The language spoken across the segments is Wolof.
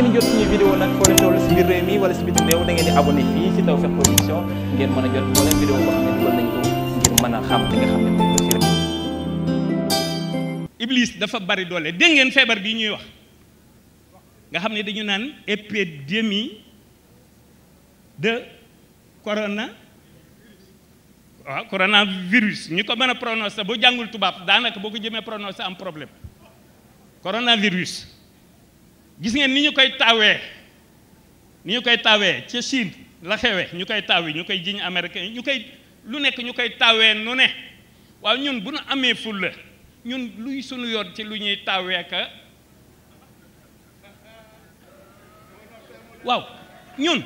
ngeen jot suñu vidéo nag foo leen toll si biir réew mi wala si biti réew da ngeen nga xam ne dafa bari doole dégg ngeen feebar bi ñuy wax nga xam ne dañu naan épidémie de corona. waaw coronavirus ñu ko mën a prononcé boo jàngul tubaab daanaka boo ko jëmee prononcé am problème coronavirus gis ngeen ni ñu koy tawee ni ñu koy tawee ca Chine la xewe ñu koy tawee ñu koy jiñ américain ñu koy lu nekk ñu koy tawee nu ne waaw ñun bu nu amee fulla ñun luy sunu yoon ci lu ñuy tawee ka waaw ñun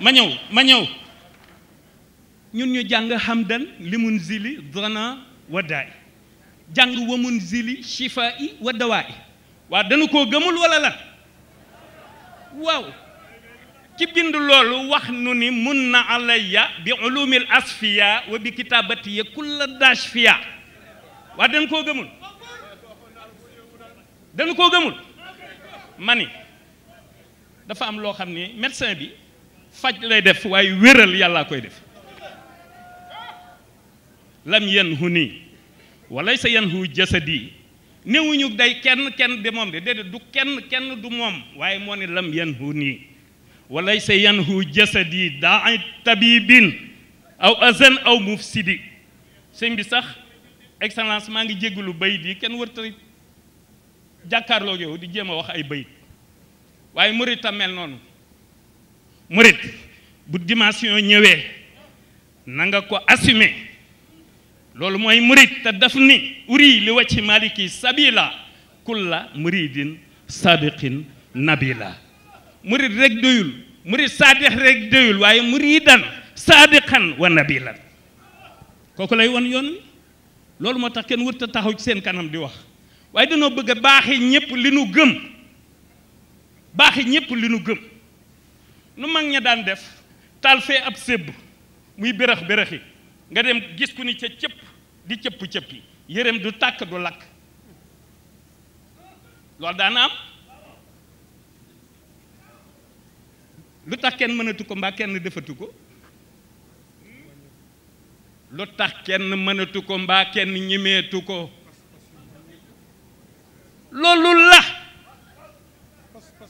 ma ñëw ma ñëw ñun ñu jàng hamdan limun zili dona waddaay jàng wamun zili shifa i waddawaa i waa dañu koo gëmul wala lan waaw ci bind loolu wax nu ni mun na alayya bi ulumil asfiya wa bi kitabatiya kulla dashfiya waa dañu koo gëmul dañu koo gëmul mani dafa am loo xam ni médecin bi faj lay def waaye wéral yàllaa koy def lam yanhu nii walaysa yanhu jasadi newuñu day kenn kenn de moom de déedéet du kenn kenn du moom waaye moo ne lam yan hu nii walay sa yan hu jasadi daa ay tabibin aw azan aw mufsidi sëñ bi sax excellence maa ngi lu bayit yi kenn wërta jàkkaarloo yow di jéem a wax ay bayit waaye murit mel noonu murit bu dimension ñëwee nanga ko assumer loolu mooy murid te daf ni uri li wacci maliki sabila kulla muridin sabiqin nabila murid rek doyul murid saadix rek doyul waaye muridan saadiqan wa nabilan kooku lay won yoon loolu moo tax kenn wërta taxaw ci seen kanam di wax waaye dañoo bëgg a baaxi ñëpp li nu gëm baaxi ñëpp li nu gëm nu mag ña daan def taal fee ab sébb muy bérax béraxi nga dem gis ku ni ca cëpp di cëpp cëppi yërëm du tàkk du lakk loolu daana am lu tax kenn mënatu ko mbaa kenn defatu ko lu tax kenn mënatu ko mbaa kenn ñemeetu ko loolu la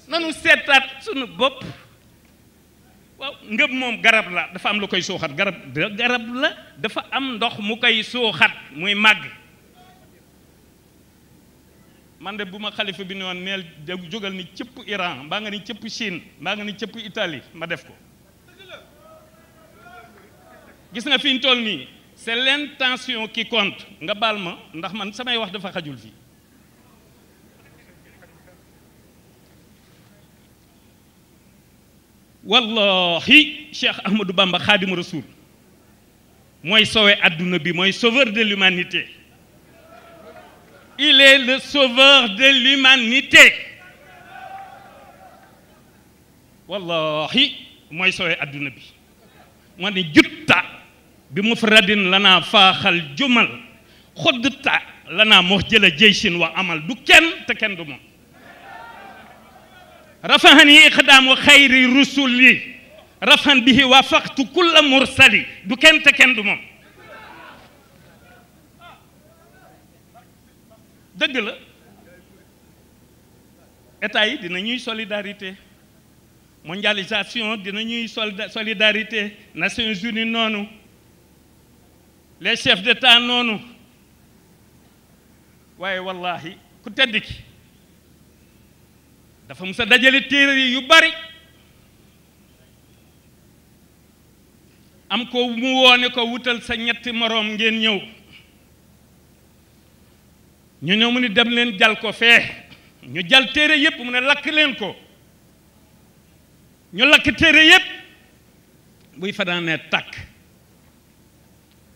nanu seetaat sunu bopp ngëm moom garab la dafa am lu koy suuxat garab garab la dafa am ndox mu koy suuxat muy màgg man de bu ma xalifa bi ne woon neel jógal ni cëpp Iran mbaa nga ni cëpp Chine mbaa nga ni cëpp itali ma def ko gis nga fi ñu nii nii c'est l'intention qui compte nga baal ma ndax man samay wax dafa xajul fii wallahi Cheikh Ahmadou Bamba xaadima rasul mooy sauvé adduna bi mooy sauveur de l'humanité il est le sauveur adduna bi moo ne jutta bi mufradin lanaa faaxal jumal xuddta lanaa mox jëla jëysin wa amal du kenn te kenn du moom rafahan yi iqdaamu xayri rusuli rafan bihi wafaqtu kulla mursali du kenn kenn du moom dëgg la état yi dina ñuy solidarité mondialisation dina ñuy solidarité Nations Unies noonu les chefs d'état noonu waaye wallahi ku tedd dafa mu sa dajale téere yu bari am ko mu woone ko wutal sa ñetti moroom ngeen ñëw ñu ñëw mu ni dem leen jal ko fee ñu jal téere yépp mu ne lakk leen ko ñu lakk téere yépp buy fanaanee tàkk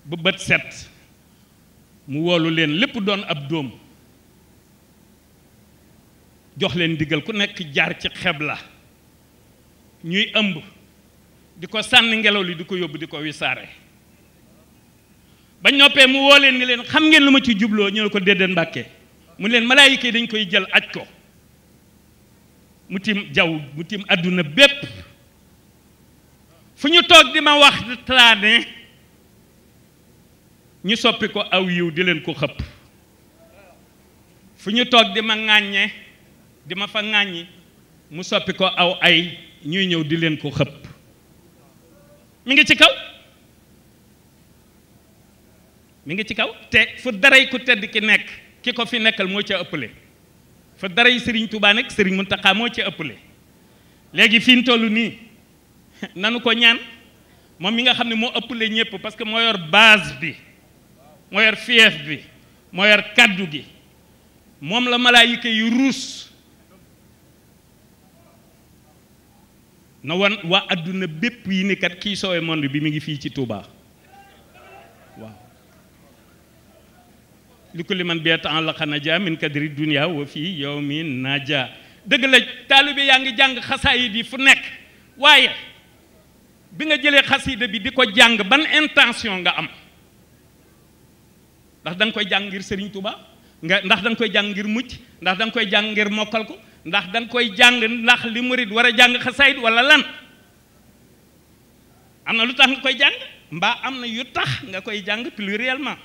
bu bët set mu woolu leen lépp doon ab dóom jox leen diggal ku nekk jaar ci xeb la ñuy ëmb di ko sànni ngelaw li di ko yóbbu di ko wisaare ba noppee mu woo leen ni leen xam ngeen lu ma ci jubloo ñu ne ko déedéet mbàkke mu leen malaayika yi dañ koy jël aj ko mu tim jaww mu tim àdduna bépp fu ñu toog di ma wax taane ñu soppi ko aw yiw di leen ko xëpp fu ñu toog di ma ŋàññe di ma fa ŋàññi mu soppi ko aw ay ñuy ñëw di leen ko xëpp mi ngi ci kaw mu ngi ci kaw te fu daray ku tedd ki nekk ki ko fi nekkal mooy moo ca ëppale fu daray Serigne Touba nag Serigne Mountakha moo ca ëppale léegi fi ñu toll nii nanu ko ñaan moom mi nga xam ne moo ëppale ñëpp parce que moo yor base bi moo yor bi moo yor gi moom la malaayika yu ruus na wan waa adduna bépp yi ni kat kii soowe monde bi mu ngi fii ci Touba waaw li ko li man bee temps la xana kadri dunia wa fii yow mi naja dëgg la taalibe yaa ngi jàng xasaayid yi fu nekk waaye bi nga jëlee xasida bi di ko jàng ban intention nga am ndax da koy jàng ngir Serigne Touba ndax da koy jàng ngir mucc ndax danga koy jàng ngir mokkal ko ndax danga koy jàng ndax li murit war a jàng xasaayit wala lan am na lu tax nga koy jàng mbaa am na yu tax nga koy jàng pluriellement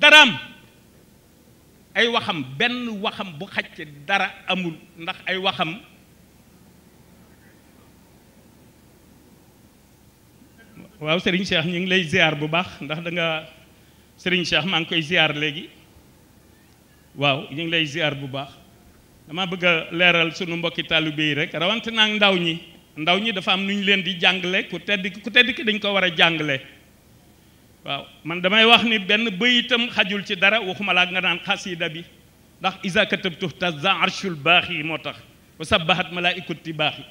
daraam ay waxam benn waxam bu xaj ci dara amul ndax ay waxam waaw sëriñ Cheikh ñu ngi lay ziar bu baax ndax da nga sëriñ Cheikh maa ngi koy ziar léegi waaw ñu ngi lay ziar bu baax damaa bëgg leeral sunu mbokki taalibe yi rek rawante naa ndaw ñi ndaw ñi dafa am nu ñu leen di jàngale ku tedd ku tedd ki dañ ko war a jàngale waaw man damay wax ni benn bëyitam xajul ci dara waxuma laa nga naan xasida bi ndax isa katabtu tazza arshul baax yi moo tax wa sabbahat malaikati baax yi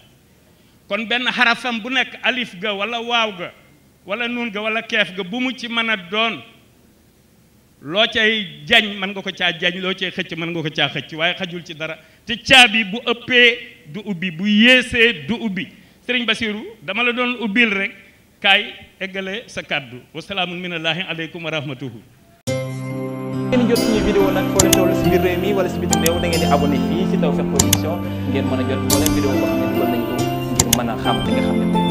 kon benn xarafam bu nekk alif ga walla waaw ga wala nuun ga wala keef ga bu mu ci mën a doon loo cay jañ mën nga ko caa jañ loo cay xëcc mën nga ko caa xëcc waaye xajul ci dara te caabi bu ëppee du ubbi bu yéesee du ubbi sëriñ Basiru dama la doon ubbil rek kaay eggale sa kàddu wasalaamun minallaahi aleykum wa rahmatuhu ngeen jot suñu vidéo nag foo si biir da ngeen a jot moo a xam li nga xam